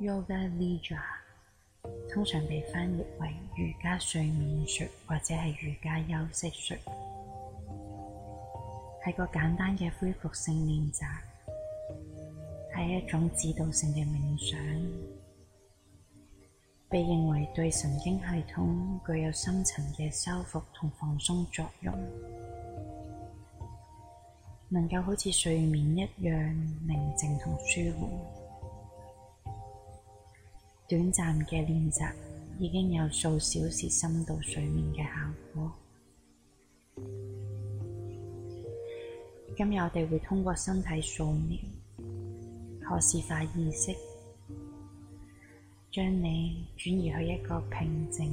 Yoga Nidra 通常被翻譯為瑜伽睡眠術或者係瑜伽休息術，係個簡單嘅恢復性練習，係一種指導性嘅冥想，被認為對神經系統具有深層嘅修復同放鬆作用，能夠好似睡眠一樣寧靜同舒緩。短暫嘅練習已經有數小時深度睡眠嘅效果。今日我哋會通過身體掃瞄可視化意識，將你轉移去一個平靜、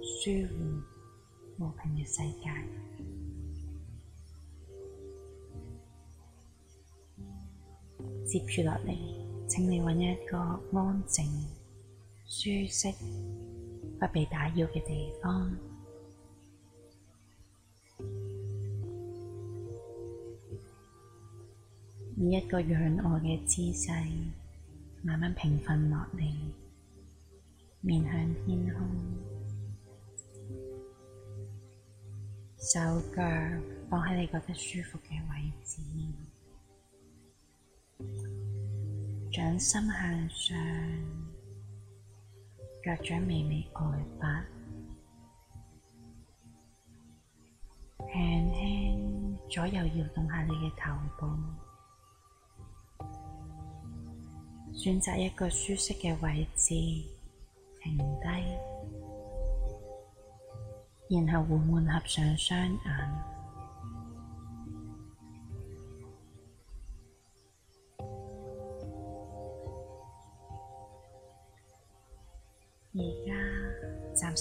舒緩、和平嘅世界。接住落嚟，請你揾一個安靜，舒適、不被打擾嘅地方，以一個仰臥嘅姿勢，慢慢平瞓落嚟，面向天空，手腳放喺你覺得舒服嘅位置，掌心向上。腳掌微微外翻，輕輕左右搖動下你嘅頭部，選擇一個舒適嘅位置，停低，然後緩緩合上雙眼。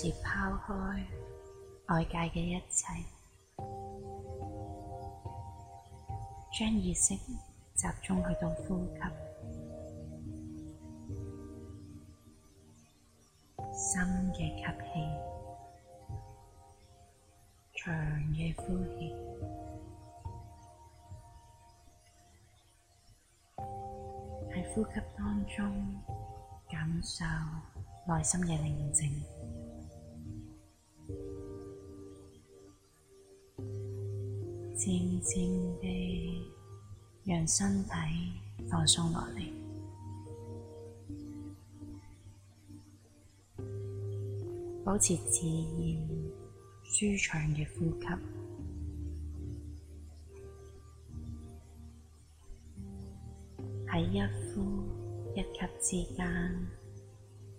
時拋開外界嘅一切，將意識集中去到呼吸，深嘅吸氣，長嘅呼氣，喺呼吸當中感受內心嘅寧靜。靜靜地，讓身體放鬆落嚟，保持自然舒暢嘅呼吸。喺一呼一吸之間，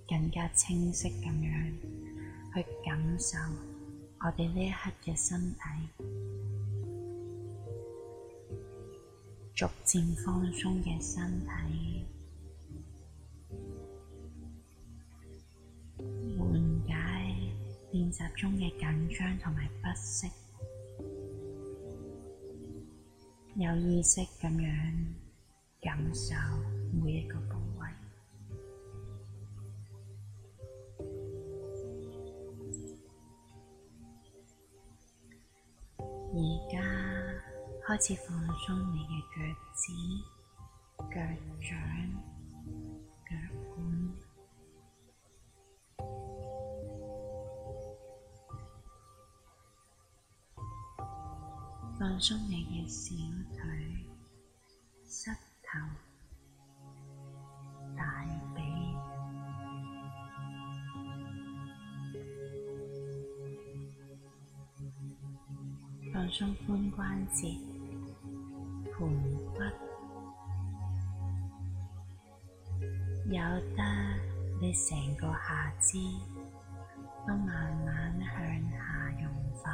更加清晰咁樣去感受我哋呢一刻嘅身體。逐漸放鬆嘅身體，緩解練習中嘅緊張同埋不適，有意識咁樣感受每一個部位。開始放鬆你嘅腳趾、腳掌、腳腕，放鬆你嘅小腿、膝頭、大髀，放鬆髖關節。盆骨，由得你成個下肢都慢慢向下融化，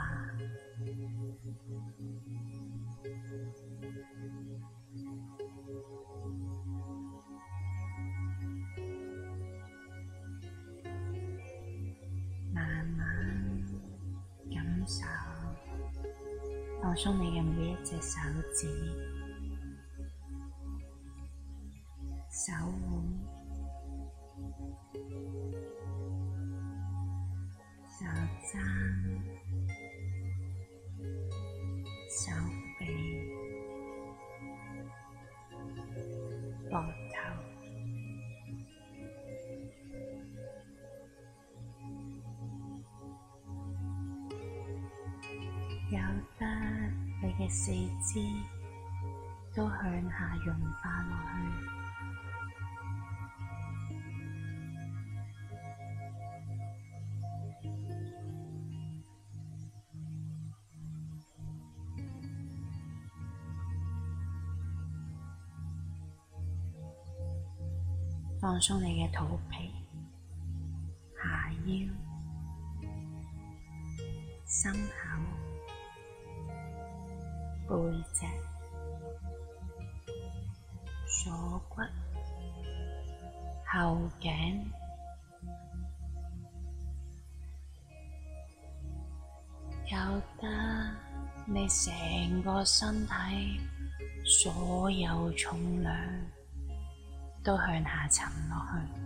慢慢感受，放鬆你嘅每一隻手指。四肢都向下融化落去，放鬆你嘅肚皮、下腰、心口。背脊、鎖骨、後頸，由得你成個身體所有重量都向下沉落去。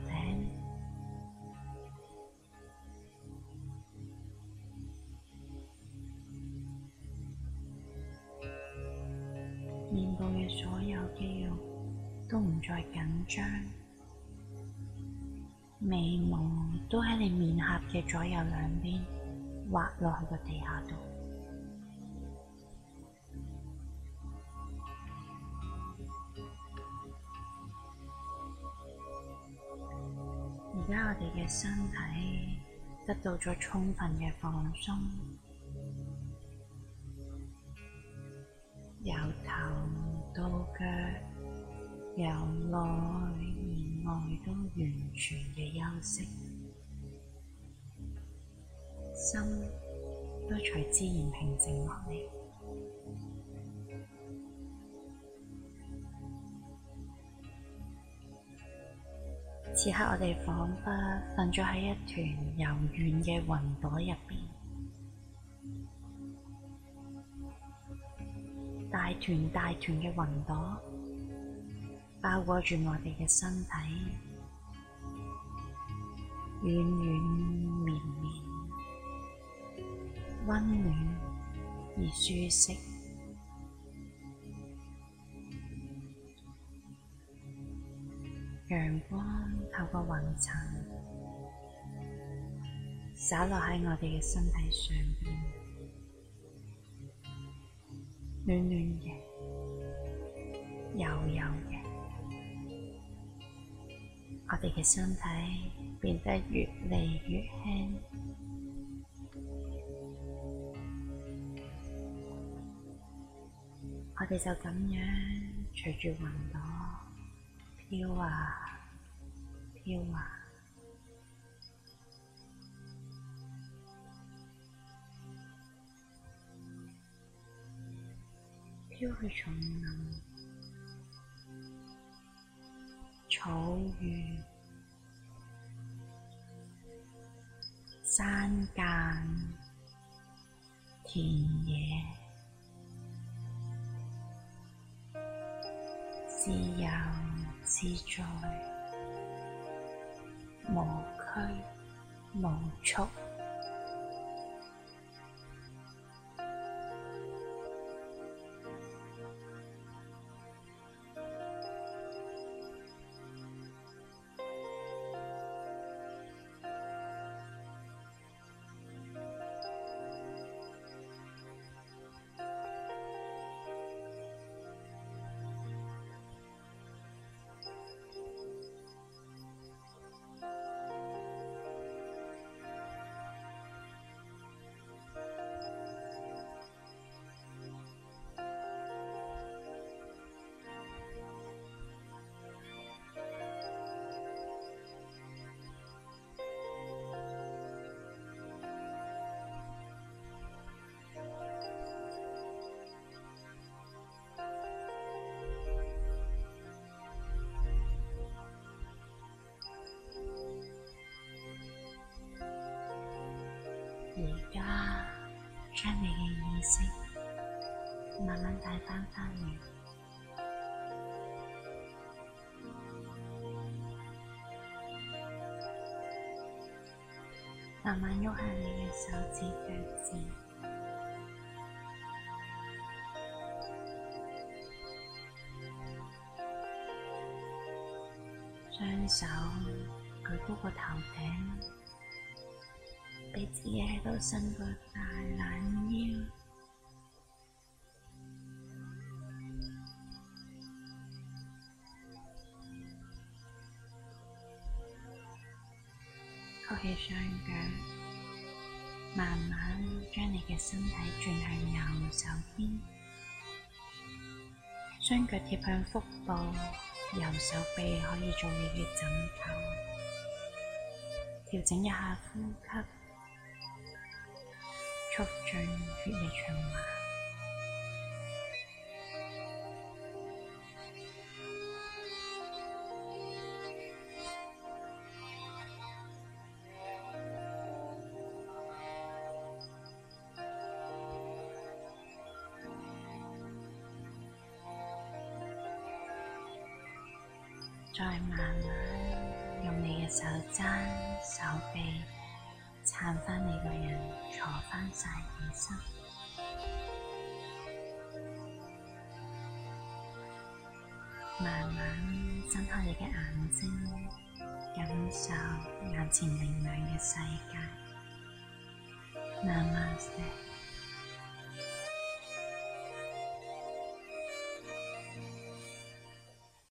面部嘅所有肌肉都唔再緊張，眉毛都喺你面頰嘅左右兩邊滑落去個地下度。而家我哋嘅身體得到咗充分嘅放鬆。由頭到腳，由內而外都完全嘅休息，心都隨自然平靜落嚟。此刻我，我哋仿佛瞓咗喺一團柔軟嘅雲朵入邊。團大團嘅雲朵包裹住我哋嘅身體，軟軟綿綿，溫暖而舒適。陽光透過雲層，灑落喺我哋嘅身體上邊。暖暖嘅，柔柔嘅，我哋嘅身體變得越嚟越輕，我哋就咁樣隨住雲朵飄啊，飄啊。要去叢林、草原、山間、田野，自由自在，無拘無束。而家將你嘅意識慢慢帶翻翻嚟，慢慢喐下你嘅手指、腳趾，雙手舉高過頭頂。畀自己喺度伸個大懶腰，曲起雙腳，慢慢將你嘅身體轉向右手邊，雙腳貼向腹部，右手臂可以做你嘅枕頭，調整一下呼吸。再慢慢用你嘅手踭、手臂。喊返你個人，坐返曬起身，慢慢睜開你嘅眼睛，感受眼前明亮嘅世界，慢慢醒。